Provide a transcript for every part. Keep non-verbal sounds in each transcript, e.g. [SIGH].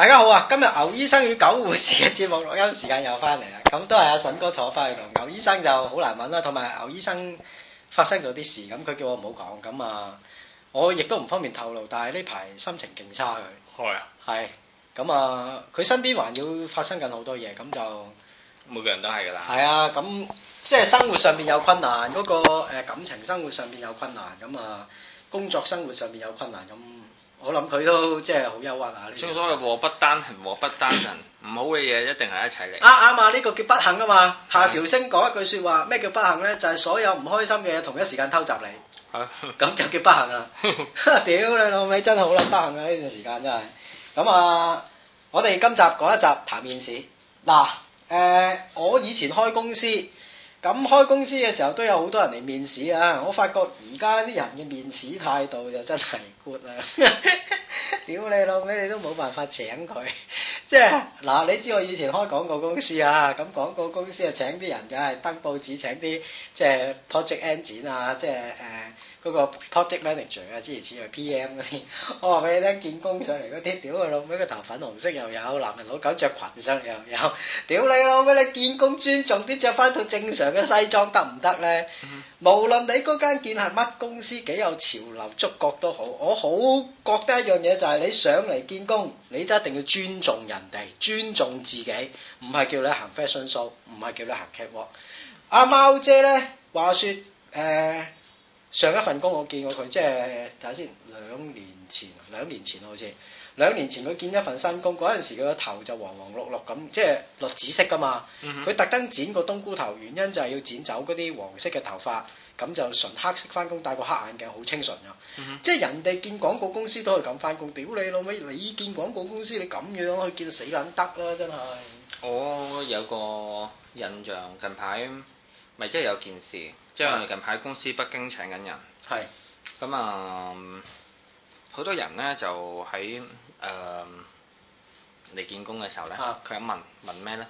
大家好啊！今日牛醫生與狗護士嘅節目錄音時間又翻嚟啦，咁都係阿順哥坐翻去同牛醫生就好難搵啦，同埋牛醫生發生咗啲事，咁佢叫我唔好講，咁啊我亦都唔方便透露，但係呢排心情勁差佢係啊，係咁啊佢身邊還要發生緊好多嘢，咁就每個人都係噶啦，係啊，咁即係生活上面有困難，嗰個誒感情生活上面有困難，咁啊工作生活上面有困難咁。我諗佢都即係好憂鬱啊！正所謂禍不單行，禍不單行，唔好嘅嘢一定係一齊嚟。啱啊，呢、啊呢個叫不幸啊嘛！夏兆星講一句說話，咩叫不幸咧？就係、是、所有唔開心嘅嘢，同一時間偷襲你。咁、啊、就叫不幸啦！屌 [LAUGHS] [LAUGHS] 你老味真係好撚，不幸啊呢段時間真係。咁啊，我哋今集講一集談面試。嗱、啊，誒、呃，我以前開公司。咁開公司嘅時候都有好多人嚟面試啊！我發覺而家啲人嘅面試態度就真係 good 啦！ [LAUGHS] 屌你老味，你都冇辦法請佢，即係嗱，你知我以前開廣告公司啊，咁廣告公司啊請啲人就係登報紙請啲即係 project manager 啊，即係誒嗰個 project manager 啊，之類之類 PM 嗰啲，我話俾你聽，見工上嚟嗰啲屌你老味，個頭粉紅色又有，男人老狗著裙上嚟又有，屌你老味，你見工尊重啲，著翻套正常嘅西裝得唔得咧？無論你嗰間建係乜公司，幾有潮流觸覺都好，我好覺得一樣嘢就係。你上嚟見工，你都一定要尊重人哋，尊重自己，唔係叫你行 fashion show，唔係叫你行 catwalk。阿貓、啊、姐咧，話說誒、呃、上一份工我見過佢，即係睇下先。兩年前，兩年前好似，兩年前佢見一份新工，嗰陣時佢個頭就黃黃綠綠咁，即係綠紫色㗎嘛。佢特登剪個冬菇頭，原因就係要剪走嗰啲黃色嘅頭髮，咁就純黑色翻工，戴個黑眼鏡，好清純啊！嗯、哼即係人哋見廣告公司都可以咁翻工，屌你老味，你見廣告公司你咁樣去見死撚得啦，真係。我有個印象，近排咪即係有件事，即係我哋近排公司北京請緊人，係咁啊。好多人咧就喺誒嚟見工嘅時候咧，佢一、啊、問問咩咧？誒、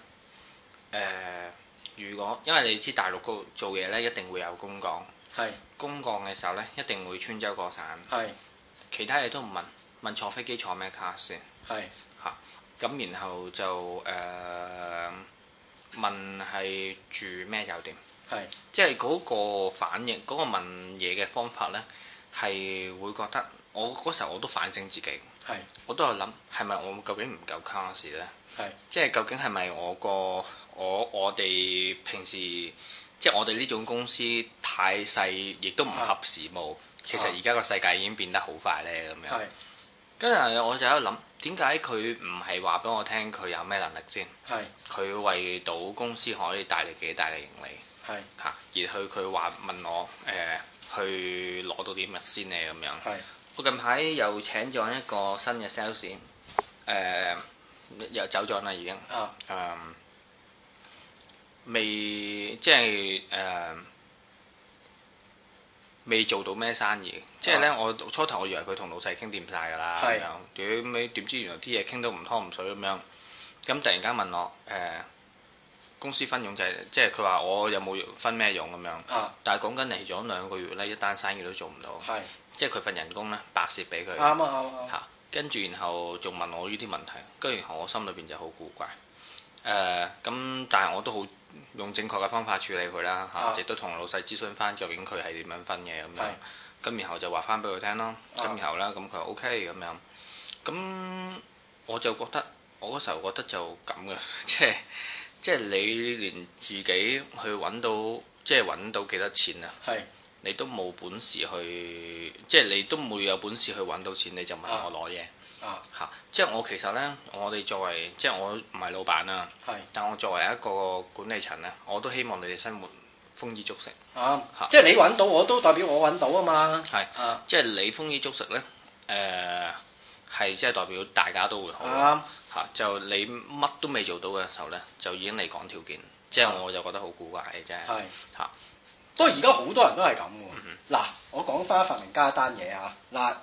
呃，如果因為你知大陸做嘢咧，一定會有公幹。係是。公幹嘅時候咧，一定會穿州過省。係是。其他嘢都唔問，問坐飛機坐咩卡先？係是。嚇、啊！咁然後就誒、呃、問係住咩酒店？係是。即係嗰個反應，嗰、那個問嘢嘅方法咧，係會覺得。我嗰時候我都反省自己，是我都係諗係咪我究竟唔夠 class 咧是？即係究竟係咪我個我我哋平時即係我哋呢種公司太細，亦都唔合時務。是其實而家個世界已經變得好快咧，咁樣跟住是我就喺度諗點解佢唔係話俾我聽佢有咩能力先？佢是為到公司可以帶嚟幾大嘅盈利？嚇是、啊，而去佢話問我誒、呃、去攞到啲乜先咧？咁樣。是我近排又請咗一個新嘅 sales，誒又走咗啦，已經。啊。未即係誒、呃，未做到咩生意？即係咧，我初頭我以為佢同老細傾掂晒㗎啦，咁樣，屌尾點知原來啲嘢傾到唔湯唔水咁樣，咁突然間問我誒。呃公司分傭就係即係佢話我有冇分咩傭咁樣，啊、但係講緊嚟咗兩個月呢，一單生意都做唔到，是即係佢份人工呢，白蝕俾佢，嚇，跟住然後仲問我呢啲問題，跟住然後我心裏邊就好古怪，誒、呃、咁但係我都好用正確嘅方法處理佢啦，嚇，亦、啊啊、都同老細諮詢翻究竟佢係點樣分嘅咁樣，咁是然後就話翻俾佢聽咯，咁、啊、然後咧咁佢話 OK 咁樣，咁我就覺得我嗰時候覺得就咁嘅，即、就、係、是。 [LAUGHS] 即係你連自己去揾到，即係揾到幾多錢啊？係是，你都冇本事去，即係你都冇有本事去揾到錢，你就問我攞嘢啊？吓、啊，即係我其實呢，我哋作為，即係我唔係老闆啦、啊，是但我作為一個管理層啊，我都希望你哋生活豐衣足食啊！即係你揾到，我都代表我揾到啊嘛，係是、啊、即係你豐衣足食呢。誒、呃。係即係代表大家都會好，吓、啊啊、就你乜都未做到嘅時候咧，就已經嚟講條件，即係、啊、我就覺得好古怪嘅，真係吓。不過而家好多人都係咁嘅。嗱、嗯嗯，我講翻發明家一單嘢啊，嗱，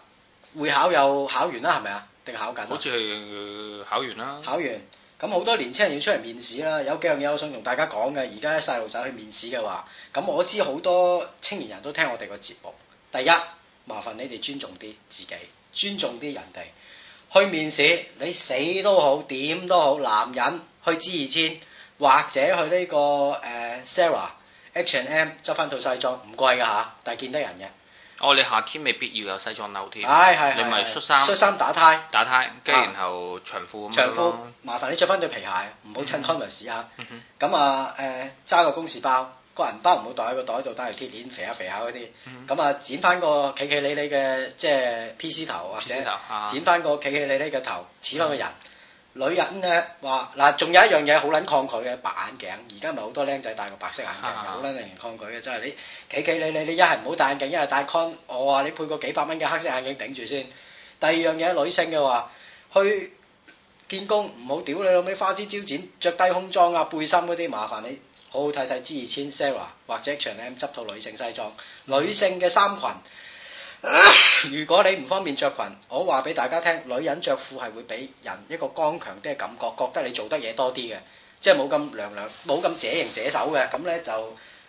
會考又考完，係咪考、呃、考完啦，係咪啊？定考緊？好似考完啦。考完咁好多年青人要出嚟面試啦，有幾樣嘢我想同大家講嘅。而家啲細路仔去面試嘅話，咁我知好多青年人都聽我哋個節目。第一，麻煩你哋尊重啲自、自己。尊重啲人哋去面試，你死都好，點都好。男人去 G2000 或者去呢、這個誒、uh, Sarah H and M 執翻套西裝，唔貴㗎吓，但係見得人嘅。哦，你夏天未必要有西裝褸添，哎、你咪恤衫、恤衫打呔、打呔，跟住、啊、然後長褲樣。長褲麻煩你着翻對皮鞋，唔好襯 Tommy’s 啊。咁啊誒，揸、嗯嗯嗯嗯嗯嗯嗯、個公事包。個銀包唔好袋喺個袋度，戴條鐵鏈肥下肥下嗰啲。咁啊，剪翻個企企理理嘅即係 PC 頭，或者剪翻個企企理理嘅頭，似翻個人。嗯、女人咧話嗱，仲有一樣嘢好撚抗拒嘅，白眼鏡。而家咪好多靚仔戴個白色眼鏡，好撚令人抗拒嘅真係。就係、你企企理理，你一係唔好戴眼鏡，一係戴 con。我話你配個幾百蚊嘅黑色眼鏡頂住先。第二樣嘢，女性嘅話去見工唔好屌你老味，花枝招展、着低胸裝啊、背心嗰啲麻煩你。好好睇睇 G2000 Sarah 或者 Chanel M 執套女性西裝，女性嘅衫裙、呃。如果你唔方便着裙，我話俾大家聽，女人着褲係會俾人一個剛強啲嘅感覺，覺得你做得嘢多啲嘅，即係冇咁娘娘，冇咁姐型姐手嘅。咁咧就誒、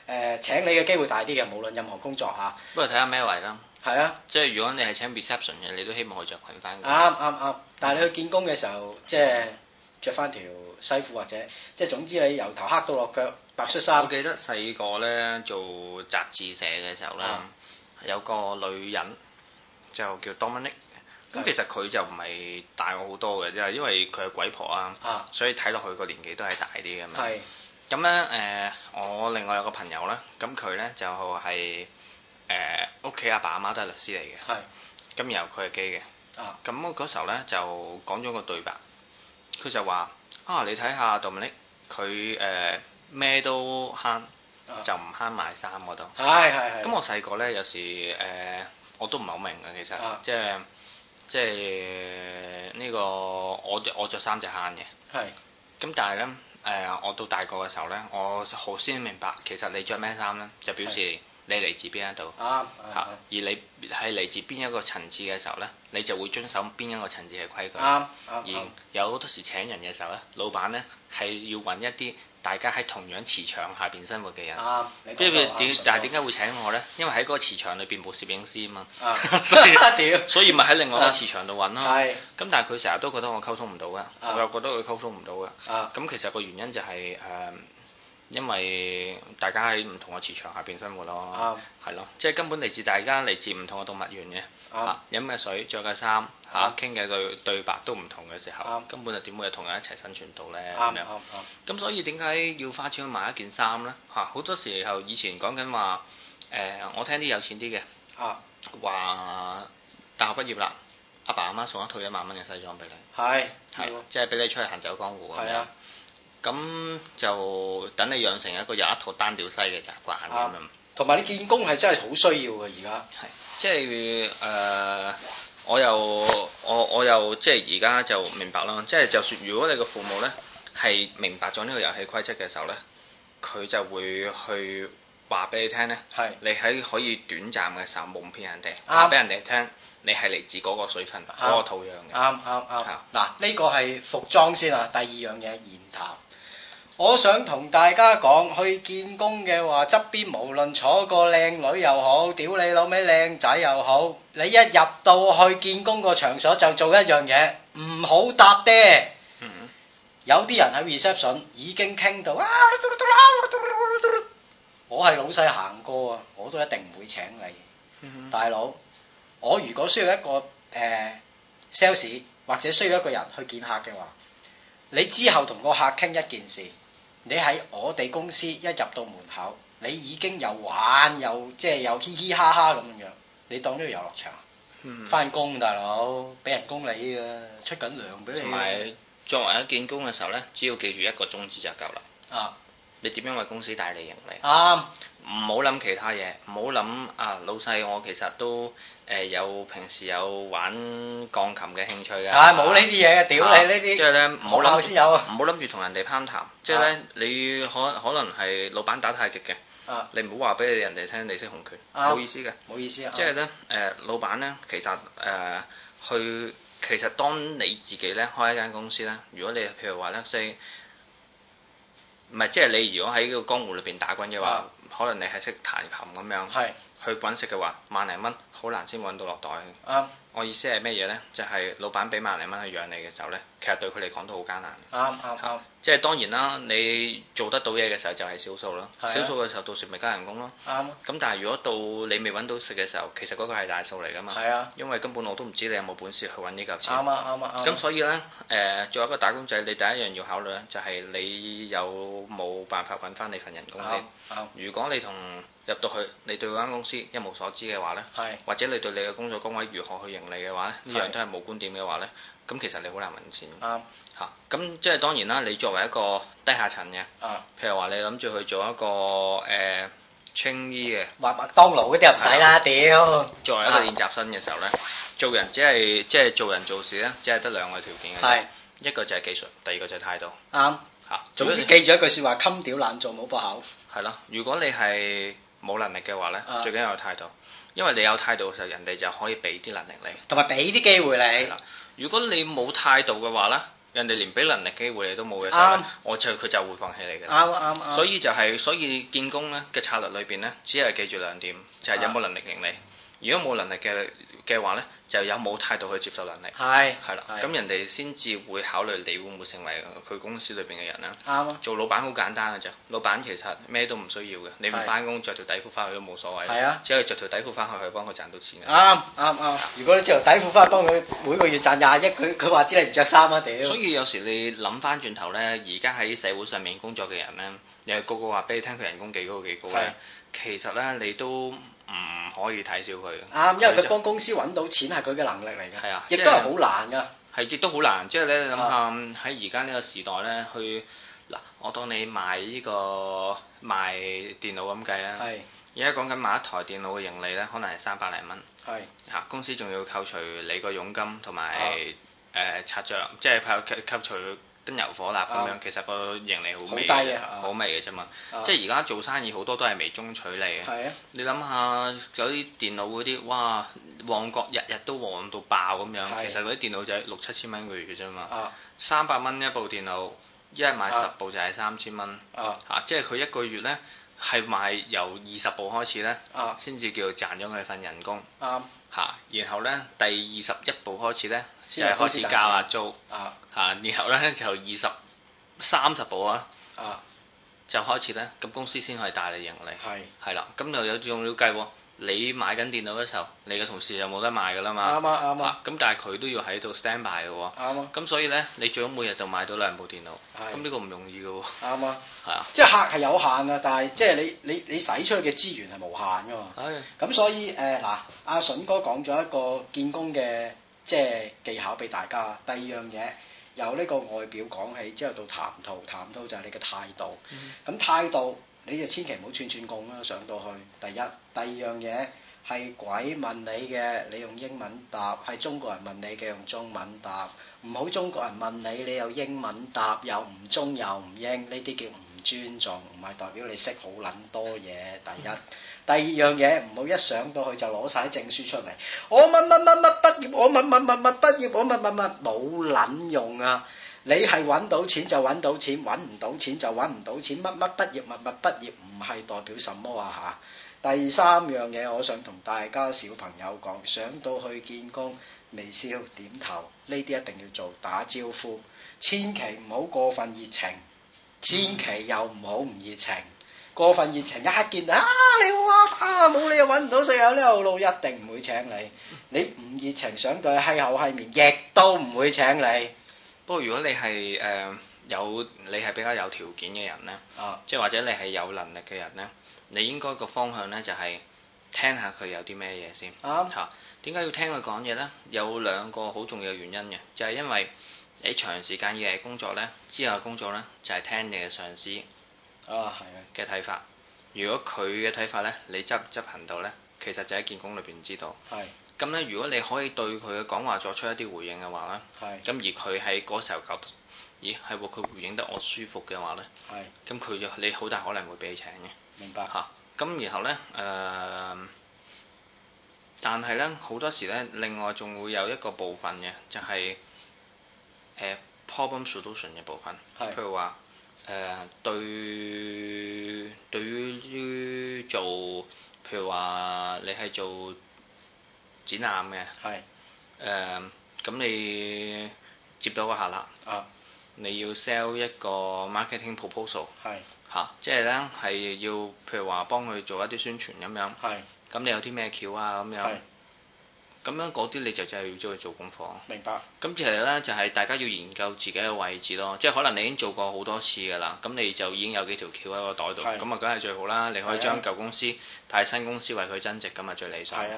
呃、請你嘅機會大啲嘅，無論任何工作嚇。不過睇下咩位啦，係啊，即係如果你係請 reception 嘅，你都希望佢着裙翻。啱啱啱，但係你去見工嘅時候，嗯、即係著翻條西褲或者即係總之你由頭黑到落腳。白色衫，我記得細個咧做雜誌社嘅時候咧，啊、有個女人就叫 Dominic 是。咁其實佢就唔係大我好多嘅，即係因為佢係鬼婆啊，啊所以睇落去個年紀都係大啲咁是樣。咁咧誒，我另外有個朋友咧，咁佢咧就係誒屋企阿爸阿媽都係律師嚟嘅。咁是然後佢係基嘅。咁嗰、啊、時候咧就講咗個對白，佢就話：啊，你睇下 Dominic，佢誒。呃咩都慳，就唔慳買衫嗰度。係係係。咁我細個咧，有時誒、呃、我都唔係好明㗎，其實、哎、即係即係、這個哎、呢個我我著衫就慳嘅。係。咁但係咧誒，我到大個嘅時候咧，我後先明白，其實你着咩衫咧，就表示你嚟自邊一度。啱、哎。嚇、哎！而你係嚟自邊一個層次嘅時候咧，你就會遵守邊一個層次嘅規矩。啱、哎。哎哎、而有好多時請人嘅時候咧，老闆咧係要揾一啲。大家喺同樣磁場下邊生活嘅人，即係點？但係點解會請我呢？因為喺嗰個磁場裏邊冇攝影師啊嘛，啊 [LAUGHS] 所以咪喺 [LAUGHS] 另外一個磁場度揾咯。咁、啊、但係佢成日都覺得我溝通唔到㗎，啊、我又覺得佢溝通唔到㗎。咁、啊、其實個原因就係、是、誒、呃，因為大家喺唔同嘅磁場下邊生活咯，係咯、啊，即係、就是、根本嚟自大家嚟自唔同嘅動物園嘅，飲嘅、啊、水、着嘅衫、吓傾嘅對對白，都唔同嘅時候，根本就點會同人一齊生存到呢？咁所以點解要花錢去買一件衫呢？嚇！好多時候以前講緊話，誒，我聽啲有錢啲嘅嚇話，大學畢業啦，阿爸阿媽送一套一萬蚊嘅西裝俾你，係係，即係俾你出去行走江湖咁樣。咁就等你養成一個有一套單調西嘅習慣咁樣。同埋你見工係真係好需要嘅而家，即係誒。我又我我又即係而家就明白啦，即係就算如果你個父母咧係明白咗呢個遊戲規則嘅時候咧，佢就會去話俾你聽咧，係是你喺可以短暫嘅時候蒙騙人哋，話俾對人哋聽你係嚟自嗰個水份，嗰對個土壤嘅，啱啱啱。嗱呢對、這個係服裝先啊，第二樣嘢言談。我想同大家講，去見工嘅話，側邊無論坐個靚女又好，屌你老味靚仔又好，你一入到去見工個場所就做一樣嘢，唔好搭爹。有啲人喺 reception 已經傾到，我係老細行過啊，我都一定唔會請你，大佬。我如果需要一個呃 sales 或者需要一個人去見客嘅話，你之後同個客傾一件事。你喺我哋公司一入到門口，你已經玩又玩又即係又嘻嘻哈哈咁樣，你當呢個遊樂場？翻工、嗯、大佬俾人工你㗎，出緊糧俾你。同埋作為一件工嘅時候呢，只要記住一個宗旨就夠啦。啊！你點樣為公司帶嚟盈利？啊唔好諗其他嘢，唔好諗啊！老細，我其實都誒有平時有玩鋼琴嘅興趣嘅。啊！冇呢啲嘢嘅，屌你呢啲！即係咧，唔好諗先有，唔好諗住同人哋攀談。即係咧，你可可能係老闆打太極嘅，你唔好話俾人哋聽你識洪拳，冇意思嘅，冇意思啊！即係咧，誒老闆咧，其實誒去其實當你自己咧開一間公司咧，如果你譬如話咧先，唔係即係你如果喺個江湖裏邊打滾嘅話。可能你係識彈琴咁樣。去揾食嘅話，萬零蚊好難先揾到落袋。啊、我意思係咩嘢呢？就係、是、老闆俾萬零蚊去養你嘅時候呢，其實對佢嚟講都好艱難。啱啱、啊啊啊、即係當然啦，你做得到嘢嘅時候就係少數啦。少數嘅時候到時咪加人工咯。啱、啊。咁、啊嗯、但係如果到你未揾到食嘅時候，其實嗰個係大數嚟噶嘛。係啊。因為根本我都唔知你有冇本事去揾呢嚿錢。啱啊啱啱。咁、啊啊啊、所以呢，誒、呃，作為一個打工仔，你第一樣要考慮呢，就係、是、你有冇辦法揾翻你份人工先。如果你同入到去，你對嗰間公司一無所知嘅話咧，或者你對你嘅工作崗位如何去盈利嘅話咧，呢樣都係冇觀點嘅話咧，咁其實你好難揾錢。啱，嚇，咁即係當然啦。你作為一個低下層嘅，譬如話你諗住去做一個誒青衣嘅，話麥當勞嗰啲入使啦屌！作為一個練習生嘅時候咧，做人只係即係做人做事咧，只係得兩個條件嘅啫。係，一個就係技術，第二個就係態度。啱，嚇，總之記住一句説話：襟屌，爛做冇搏口。係咯，如果你係。冇能力嘅話呢，啊、最緊要有態度，因為你有態度嘅時候，人哋就可以俾啲能力你，同埋俾啲機會你。如果你冇態度嘅話呢，人哋連俾能力機會你都冇嘅時候，啊、我就佢就會放棄你嘅。啱啱、啊啊啊、所以就係、是，所以建工呢嘅策略裏邊呢，只係記住兩點，就係、是、有冇能力贏你。啊啊如果冇能力嘅嘅話呢，就有冇態度去接受能力係係啦，咁人哋先至會考慮你會唔會成為佢公司裏邊嘅人啦。啱的，做老闆好簡單嘅啫，老闆其實咩都唔需要嘅，你唔翻工着條底褲翻去都冇所謂，係啊的，只係着條底褲翻去可以幫佢賺到錢。啱啱啱，的如果你着條底褲翻去幫佢每個月賺廿億，佢佢話知你唔着衫啊屌！所以有時你諗翻轉頭呢，而家喺社會上面工作嘅人呢，又個個話俾你聽佢人工幾高幾高呢，的的其實呢，你都。唔可以睇小佢啊！因為佢幫公司揾到錢係佢嘅能力嚟嘅，係啊，亦都係好難噶。係亦都好難，即係呢諗下喺而家呢個時代呢，去嗱我當你賣呢、呢個賣電腦咁計啦。係是。而家講緊賣一台電腦嘅盈利呢，可能係三百零蚊。係是。嚇、啊！公司仲要扣除你個佣金同埋誒拆賬，即係扣扣除。燈油火蠟咁樣，其實個盈利好微嘅，好低、啊、微嘅啫嘛。啊、即係而家做生意好多都係微中取利嘅。啊、你諗下，有啲電腦嗰啲，哇，旺角日日都旺到爆咁樣，啊、其實嗰啲電腦就係六七千蚊個月嘅啫嘛，三百蚊一部電腦，一賣十部就係三千蚊啊。啊、即係佢一個月呢，係賣由二十部開始呢，先至、啊、叫賺咗佢份人工。然後呢，第二十一步開始呢，咧，就開始教下租啊，嚇，然後呢，就二十三十步啊，啊就開始呢。咁公司先可以帶嚟盈利，係是，係啦，咁又有用料計喎。你買緊電腦嘅時候，你嘅同事就冇得賣噶啦嘛。啱啊，啱啊。咁但係佢都要喺度 stand by 嘅喎。啱啊吧。咁所以咧，你最好每日就買到兩部電腦。咁呢吧個唔容易嘅喎。啱啊。係啊。即係客係有限啊，但係即係你你你使出去嘅資源係無限嘅嘛。係。咁所以誒嗱，阿筍哥講咗一個建功嘅即係技巧俾大家。第二樣嘢由呢個外表講起，之後到談吐，談吐就係你嘅態度。咁、嗯、態度。你就千祈唔好串串貢啦、啊，上到去。第一、第二樣嘢係鬼問你嘅，你用英文答；係中國人問你嘅，用中文答。唔好中國人問你，你又英文答，又唔中又唔英，呢啲叫唔尊重，唔係代表你識好撚多嘢。第一、第二樣嘢唔好一上到去就攞晒啲證書出嚟。我乜乜乜乜畢業，我乜乜乜乜畢業，我乜乜乜冇撚用啊！你係揾到錢就揾到錢，揾唔到錢就揾唔到錢。乜乜畢業物物畢業唔係代表什麼啊嚇！第三樣嘢，我想同大家小朋友講，想到去見工微笑點頭，呢啲一定要做打招呼。千祈唔好過分熱情，千祈又唔好唔熱情。嗯、過分熱情一刻見你啊，你好呀，啊冇理由揾唔到食啊，呢條路一定唔會請你。你唔熱情想對黑口黑面，亦都唔會請你。不過如果你係誒、呃、有你係比較有條件嘅人呢，啊，即係或者你係有能力嘅人呢，你應該個方向呢就係聽下佢有啲咩嘢先啊，啊。嚇，點解要聽佢講嘢呢？有兩個好重要原因嘅，就係、是、因為你長時間嘅工作呢，之後工作呢，就係、是、聽你嘅上司啊，係嘅嘅睇法。如果佢嘅睇法呢，你執執行到呢，其實就喺建工裏邊知道係。咁咧，如果你可以對佢嘅講話作出一啲回應嘅話咧，咁的而佢喺嗰時候覺得，咦，係喎，佢回應得我舒服嘅話咧，咁佢的就你好大可能會俾你請嘅。明白嚇。咁、啊、然後咧，誒、呃，但係咧，好多時咧，另外仲會有一個部分嘅，就係、是、誒、呃、problem solution 嘅部分，的譬如話誒對對於對於做，譬如話你係做。展覽嘅係誒，咁是、uh, 你接到個客啦，啊、你要 sell 一個 marketing proposal，嚇，即係咧係要譬如話幫佢做一啲宣傳咁樣，咁是你有啲咩橋啊？咁樣，咁是樣嗰啲你就真係要出去做功課。明白。咁其實咧就係大家要研究自己嘅位置咯，即係可能你已經做過好多次㗎啦，咁你就已經有幾條橋喺個袋度，咁啊梗係最好啦。你可以將舊公司的帶新公司為佢增值咁啊，最理想。的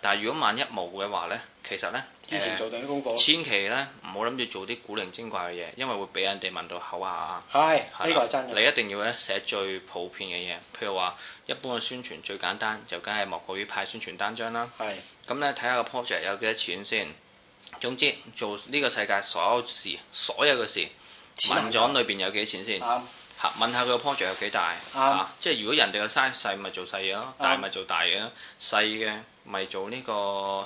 但係如果萬一冇嘅話呢，其實呢，之前做啲廣告，千祈呢，唔好諗住做啲古靈精怪嘅嘢，因為會俾人哋問到口下啊！係呢個係真嘅，你一定要咧寫最普遍嘅嘢，譬如話一般嘅宣傳最簡單就梗係莫過於派宣傳單張啦。係咁呢，睇下個 project 有幾多錢先。總之做呢個世界所有事，所有嘅事問咗裏邊有幾多錢先，嚇、啊、問下佢個 project 有幾大嚇、啊啊，即係如果人哋嘅 size 細，咪做細嘢咯；大咪做大嘢咯，細嘅。咪做呢個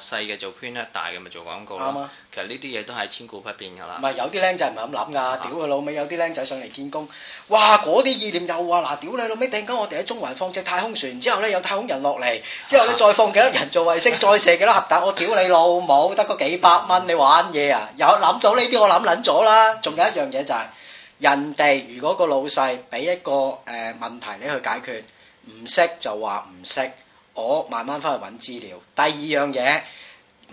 細嘅做 Prenner，大嘅咪做廣告咯。其實呢啲嘢都係千古不變噶啦。唔係有啲僆仔唔係咁諗噶，屌佢老味，有啲僆仔上嚟見工，哇，嗰啲意念又話嗱，屌你老味，突然間我哋喺中環放隻太空船，之後咧有太空人落嚟，之後咧再放幾粒人造衛星，再射幾粒核彈，我屌你老母，得個幾百蚊你玩嘢啊！有諗到呢啲我諗撚咗啦。仲有一樣嘢就係人哋如果個老細俾一個誒問題你去解決，唔識就話唔識。我慢慢翻去揾資料。第二樣嘢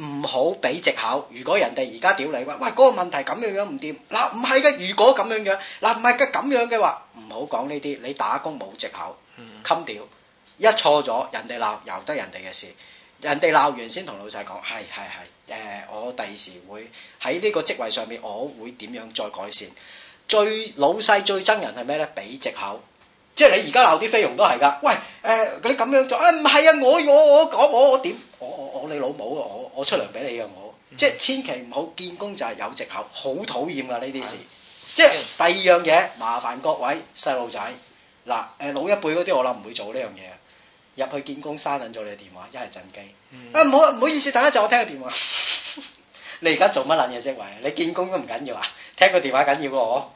唔好俾藉口。如果人哋而家屌你話，喂嗰、嗰個問題咁樣樣唔掂，嗱唔係嘅。如果咁樣、啊、樣，嗱唔係嘅咁樣嘅話，唔好講呢啲。你打工冇藉口，冚屌。一錯咗，人哋鬧，由得人哋嘅事。人哋鬧完先同老細講，係係係，誒、哎哎哎，我第時會喺呢個職位上面，我會點樣再改善。最老細最憎人係咩呢？俾藉口。即係你而家鬧啲菲傭都係噶，喂，誒，啲咁樣做，唔係啊，我我我我我點，我我我你老母，我我出糧俾你啊，我，即係千祈唔好見工就係有藉口，好討厭噶呢啲事。即係第二樣嘢麻煩各位細路仔，嗱，誒老一輩嗰啲我諗唔會做呢樣嘢，入去見工刪捻咗你嘅電話，一係震機，啊唔好唔好意思，等一陣我聽個電話，你而家做乜捻嘢啫位？你見工都唔緊要啊，聽個電話緊要噶我。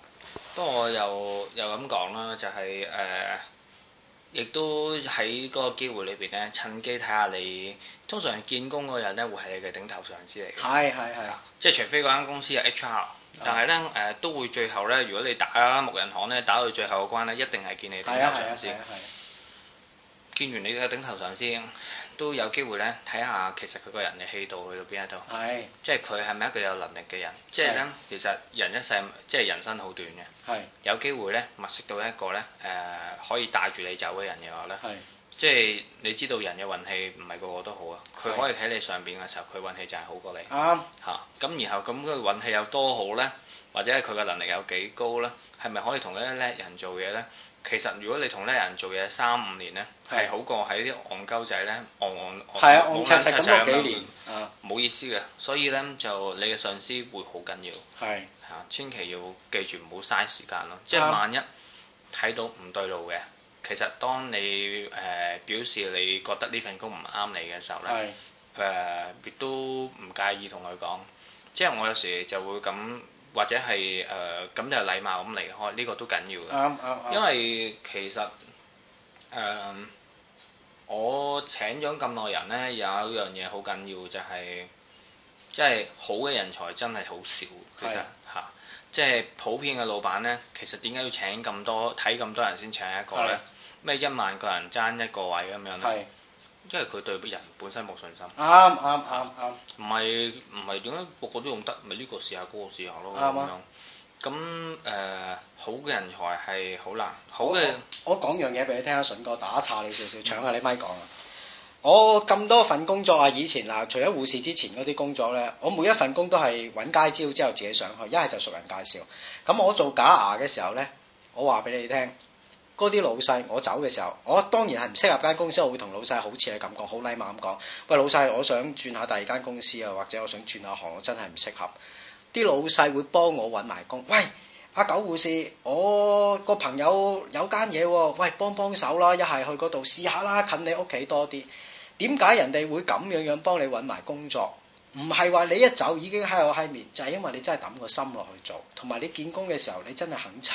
不過我又又咁講啦，就係、是、誒、呃，亦都喺嗰個機會裏邊咧，趁機睇下你通常見工嗰人咧，會係你嘅頂頭上司嚟。係係係啊！嗯、即係除非嗰間公司有 HR，但係咧誒都會最後咧，如果你打木人巷咧，打到最後嗰關咧，一定係見你頂頭上司。見完你嘅頂頭上司都有機會咧睇下，看看其實佢個人嘅氣度去到邊一度，是即係佢係咪一個有能力嘅人？是即係咧，其實人一世即係人生好短嘅，是有機會咧物色到一個咧，誒、呃、可以帶住你走嘅人嘅話咧，是即係你知道人嘅運氣唔係個個都好啊，佢是可以喺你上邊嘅時候，佢運氣就係好過你吓。咁是、啊啊、然後咁佢運氣有多好咧，或者佢嘅能力有幾高咧，係咪可以同一啲叻人做嘢咧？其實如果你同呢人做嘢三五年呢，係是好過喺啲戇鳩仔呢，戇戇戇戇鳩仔咁樣。幾年，唔、啊、好意思嘅，所以呢，就你嘅上司會好緊要。係是、啊，千祈要記住唔好嘥時間咯。是即係萬一睇到唔對路嘅，其實當你誒、呃、表示你覺得呢份工唔啱你嘅時候呢，誒亦是、呃、都唔介意同佢講。即係我有時就會咁。或者係誒咁就禮貌咁離開，呢個都緊要嘅。嗯嗯嗯、因為其實誒、嗯，我請咗咁耐人呢，有一樣嘢、就係就係、好緊要就係，即係好嘅人才真係好少。其實嚇，即係是、啊即係、普遍嘅老闆呢，其實點解要請咁多睇咁多人先請一個呢？咩是一萬個人爭一個位咁樣咧？因為佢對人本身冇信心。啱啱啱啱。唔係唔係點解個個都用得，咪呢個試下，嗰個試下咯。啱。咁誒，好嘅人才係好難。好嘅。我講樣嘢俾你聽，阿順哥打岔你少少，搶下你咪講啊。嗯、我咁多份工作啊，以前嗱，除咗護士之前嗰啲工作咧，我每一份工都係揾街招之後自己上去，一係就熟人介紹。咁我做假牙嘅時候咧，我話俾你聽。嗰啲老細，我走嘅時候，我當然係唔適合間公司，我會同老細好似係咁講，好禮貌咁講。喂，老細，我想轉下第二間公司啊，或者我想轉下行，我真係唔適合。啲老細會幫我揾埋工。喂，阿狗護士，我個朋友有間嘢喎，喂，幫幫手啦，一係去嗰度試下啦，近你屋企多啲。點解人哋會咁樣樣幫你揾埋工作？唔係話你一走已經喺我閪面，就係因為你真係抌個心落去做，同埋你見工嘅時候你真係肯砌，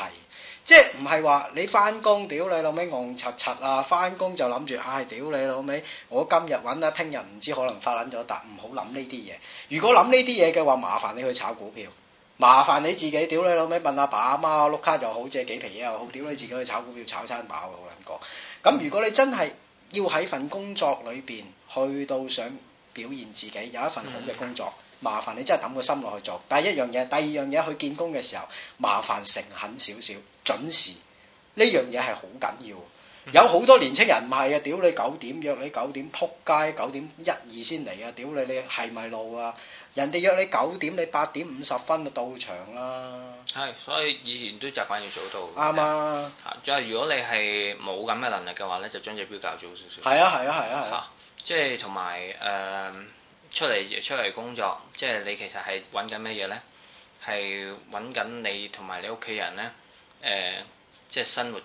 即係唔係話你翻工屌你老味戇柒柒啊！翻工就諗住唉屌你老味，我今日揾啦，聽日唔知可能發冷咗，但唔好諗呢啲嘢。如果諗呢啲嘢嘅話，麻煩你去炒股票，麻煩你自己屌你老味，問阿爸阿媽碌卡又好，借幾皮嘢又好，屌你自己去炒股票炒餐飽，我個人講。咁如果你真係要喺份工作裏邊去到想。表現自己有一份好嘅工作，麻煩你真係抌個心落去做。第一樣嘢，第二樣嘢，去見工嘅時候，麻煩誠懇少少，準時，呢樣嘢係好緊要。有好多年青人唔係啊，屌你九點約你九點，扑街九點一二先嚟啊，屌你你係咪路啊？人哋約你九點，你八點五十分就到場啦，啊。係，所以以前都習慣要早到。啱啊吧。即係如果你係冇咁嘅能力嘅話咧，就將隻表，表較早少少。係啊，係啊，係啊。即係同埋誒出嚟出嚟工作，即係你其實係揾緊咩嘢呢？係揾緊你同埋你屋企人呢，呃、即係生活，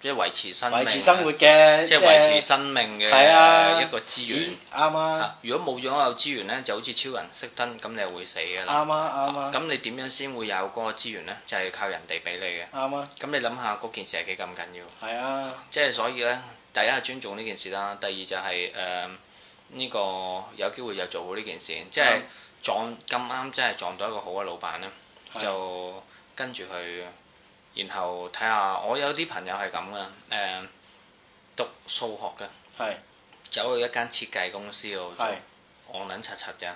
即係維持生維持生活嘅，即係維持生命嘅是一個資源。啱啊！如果冇咗、啊啊、個資源呢，就好似超人熄燈咁，你就會死㗎啦。啱啊！啱啊！咁你點樣先會有嗰個資源呢？就係靠人哋俾你嘅。啱啊！咁你諗下嗰件事係幾咁緊要？係啊！即係所以呢。第一係尊重呢件事啦，第二就係誒呢個有機會又做好呢件事，即係撞咁啱，真係撞到一個好嘅老闆咧，就跟住佢，然後睇下我有啲朋友係咁噶，誒讀數學嘅，走去一間設計公司度做，戇撚柒柒嘅，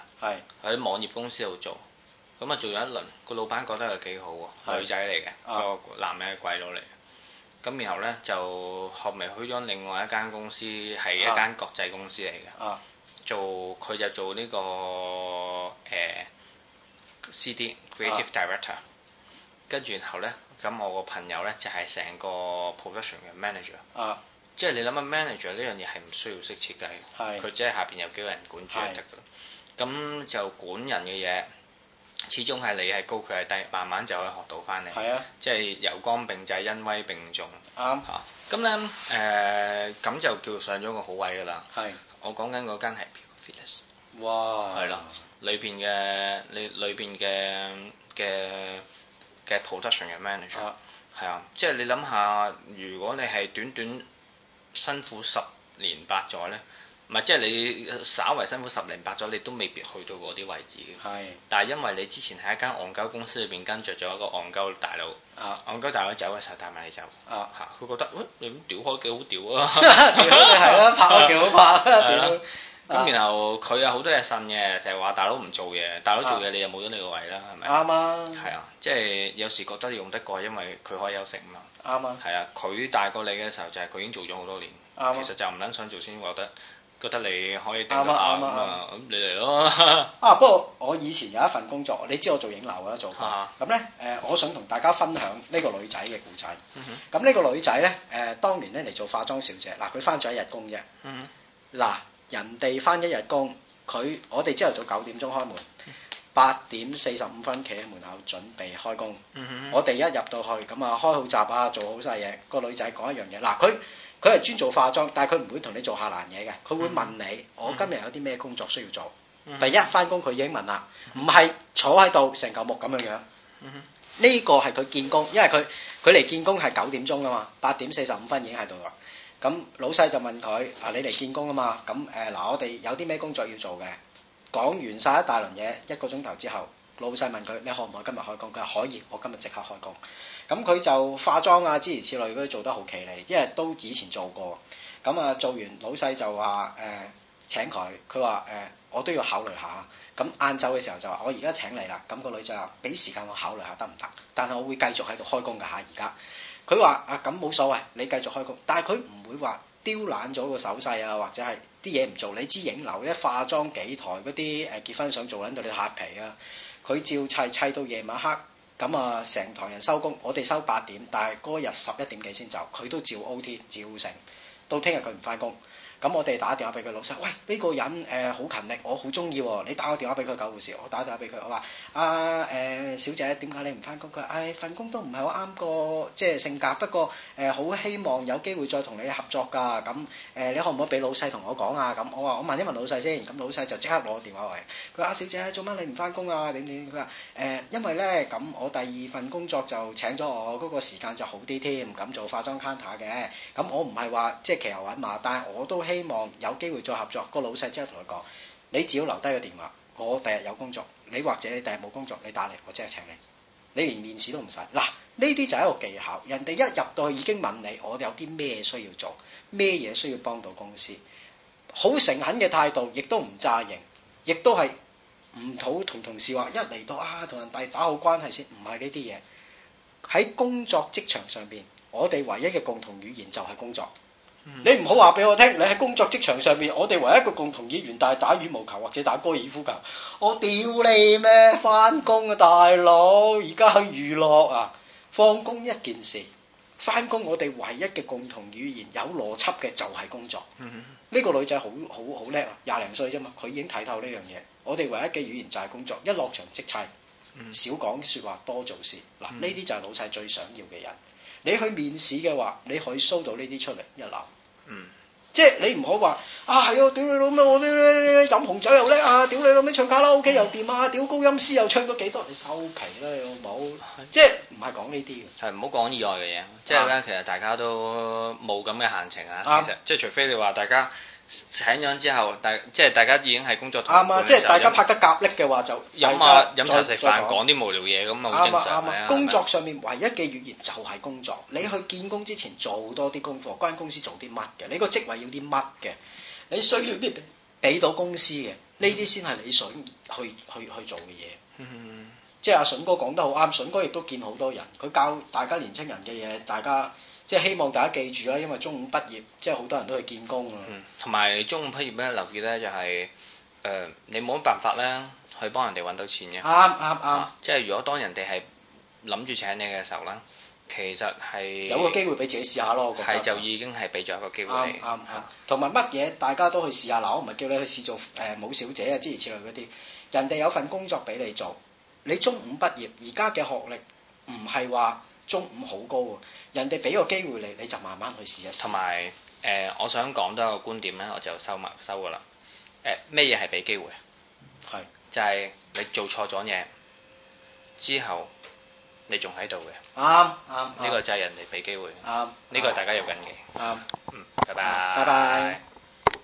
喺網頁公司度做，咁啊做咗一輪，個老闆覺得佢幾好喎，女仔嚟嘅，個男人係鬼佬嚟。咁然後咧就後咪去咗另外一間公司，係一間國際公司嚟嘅，啊、做佢就做呢、這個誒、呃、CD Creative Director、啊。跟住然後咧，咁我個朋友咧就係、是、成個 Production 嘅 Manager、啊。即係你諗下 manager 呢樣嘢係唔需要識設計嘅，佢是即係下邊有幾個人管住就得㗎啦。咁是就管人嘅嘢。始終係你係高佢係低，慢慢就可以學到翻嚟。係啊，即係由剛並濟，恩威並重。啱、嗯。嚇，咁咧誒，咁就叫上咗個好位㗎啦。係是。我講緊嗰間係哇。係啦。裏邊嘅你，裏邊嘅嘅嘅 Production 嘅 Manager。係啊，即係你諗下，如果你係短短辛苦十年八載咧。唔係，即係你稍為辛苦十年八咗，你都未必去到嗰啲位置嘅。係，但係因為你之前喺一間戇鳩公司裏邊跟著咗一個戇鳩大佬，啊，戇鳩大佬走嘅時候帶埋你走，啊，嚇，佢覺得，喂，你咁屌開幾好屌啊？係咯，拍開幾好拍。咁然後佢有好多嘢呻嘅，成日話大佬唔做嘢，大佬做嘢你又冇咗你個位啦，係咪？啱啱，係啊，即係有時覺得你用得過，因為佢可以休息嘛。啱啱，係啊，佢大過你嘅時候就係佢已經做咗好多年。其實就唔撚想做先覺得。覺得你可以啱啊，啱啊，咁那、啊、你嚟咯。 [LAUGHS] 啊，不過我以前有一份工作，你知我做影樓噶啦，做咁咧，誒，我想同大家分享呢個女仔嘅故仔。咁呢個女仔咧，誒、呃、當年咧，嚟，做化妝小姐嗱，佢翻咗一日工啫。嗱，人哋翻一日工，佢，我哋朝頭早九點鐘開門，八點四十五分企喺門口準備開工、嗯、哼我哋一入到去，咁啊開好閘啊做好晒嘢，個女仔講一樣嘢嗱，佢。佢係專做化妝，但係佢唔會同你做下爛嘢嘅。佢會問你：嗯、我今日有啲咩工作需要做？嗯、第一翻工佢已經問啦，唔係坐喺度成嚿木咁樣樣。呢、嗯嗯、個係佢見工，因為佢佢嚟見工係九點鐘㗎嘛，八點四十五分已經喺度啦。咁老細就問佢：啊，你嚟見工啊嘛？咁誒嗱，我哋有啲咩工作要做嘅？講完晒一大輪嘢一個鐘頭之後。老細問佢：你可唔可以今日開工？佢話可以，我今日即刻開工。咁佢就化妝啊，諸如此類，佢做得好奇利，因為都以前做過。咁啊，做完老細就話誒、呃、請佢，佢話誒我都要考慮下。咁晏晝嘅時候就話我而家請你啦。咁、個女仔話俾時間我考慮下得唔得？但係我會繼續喺度開工㗎嚇。而家佢話啊咁冇所謂，你繼續開工。但係佢唔會話刁懶咗個手勢啊，或者係啲嘢唔做。你知影樓一化妝幾台嗰啲誒結婚相做緊度你黑皮啊！佢照砌砌到夜晚黑，咁啊成台人收工，我哋收八點，但係嗰日十一點幾先走，佢都照 O T，照成到聽日佢唔返工。咁我哋打電話俾佢老細，喂呢、呢個人誒好、呃、勤力，我好中意喎，你打個電話俾佢狗護士，我打個電話俾佢，我話阿誒小姐點解你唔返工？佢話唉份工都唔係好啱個，即係性格，不過誒好、呃、希望有機會再同你合作㗎，咁誒、呃、你可唔可以俾老細同我講啊？咁我話我問一問老細先，咁老細就即刻攞電話嚟，佢話阿小姐做乜你唔返工啊？點點佢話誒因為咧咁我第二份工作就請咗我，嗰、嗰個時間就好啲添，咁做化妝 counter 嘅，咁我唔係話即係騎牛揾馬，但係我都。希望有機會再合作，個老細即刻同佢講，你只要留低個電話，我第日有工作，你或者你第日冇工作，你打嚟，我即刻請你。你連面試都唔使。嗱，呢啲就係一個技巧。人哋一入到去已經問你，我有啲咩需要做，咩嘢需要幫到公司，好誠懇嘅態度，亦都唔詐型，亦都係唔好同同事話一嚟到啊，同人哋打好關係先，唔係呢啲嘢。喺工作職場上邊，我哋唯一嘅共同語言就係工作。你唔好話俾我聽，你喺工作職場上面，我哋唯一一個共同語言，但係打羽毛球或者打波爾夫球，我屌你咩？翻工啊，大佬，而家去娛樂啊？放工一件事，翻工我哋唯一嘅共同語言有邏輯嘅就係工作。呢、嗯、個女仔好好好，好叻啊！廿零歲啫嘛，佢已經睇透呢樣嘢。我哋唯一嘅語言就係工作，一落場即砌，嗯、少講説話，多做事。嗱，呢啲就係老細最想要嘅人。你去面試嘅話，你可以 show 到呢啲出嚟一樓。嗯即、，即係你唔好話啊，係啊，屌你老母，我咧咧咧飲紅酒又叻啊，屌你老母唱卡拉 OK 又掂啊，屌高音師又唱咗幾多你收皮啦，你老母！係啊即」即係唔係講呢啲嘅，係唔好講意外嘅嘢，即係咧，其實大家都冇咁嘅閒情啊，其實、啊、即係除非你話大家。請咗之後，大即係大家已經喺工作啱啊！即係、就是、大家拍得夾力嘅話就有啊，飲酒、啊、再食飯講啲無聊嘢咁啊，好正常啊！吧工作上面唯一嘅語言就係工作。嗯、你去見工之前做多啲功課，間、嗯、公司做啲乜嘅？你個職位要啲乜嘅？你需要邊俾到公司嘅？呢啲先係你想去去去做嘅嘢。嗯、即係阿笋哥講得好啱，笋哥亦都見好多人，佢教大家年青人嘅嘢，大家。大家即係希望大家記住啦，因為中五畢業，即係好多人都去見工啊。同埋、嗯、中五畢業咧，留意咧就係、是、誒、呃，你冇乜辦法咧去幫人哋揾到錢嘅。啱啱啱。嗯啊、即係如果當人哋係諗住請你嘅時候咧，其實係有個機會俾自己試下咯。我覺得係是就已經係俾咗一個機會你。啱啱、嗯。同埋乜嘢大家都去試下嗱，啊、我唔係叫你去試做誒舞、呃、小姐啊，知知諸如此類嗰啲。人哋有份工作俾你做，你中五畢業，而家嘅學歷唔係話中五好高喎。人哋俾個機會你，你就慢慢去試一試。同埋誒，我想講多個觀點咧，我就收埋收㗎啦。誒、呃，咩嘢係俾機會？係，就係你做錯咗嘢之後你，你仲喺度嘅。啱、啊、啱。呢、啊、個就係人哋俾機會。啱、啊。呢、啊、個大家要緊嘅。啱、啊。嗯、啊，拜拜。拜拜。拜拜。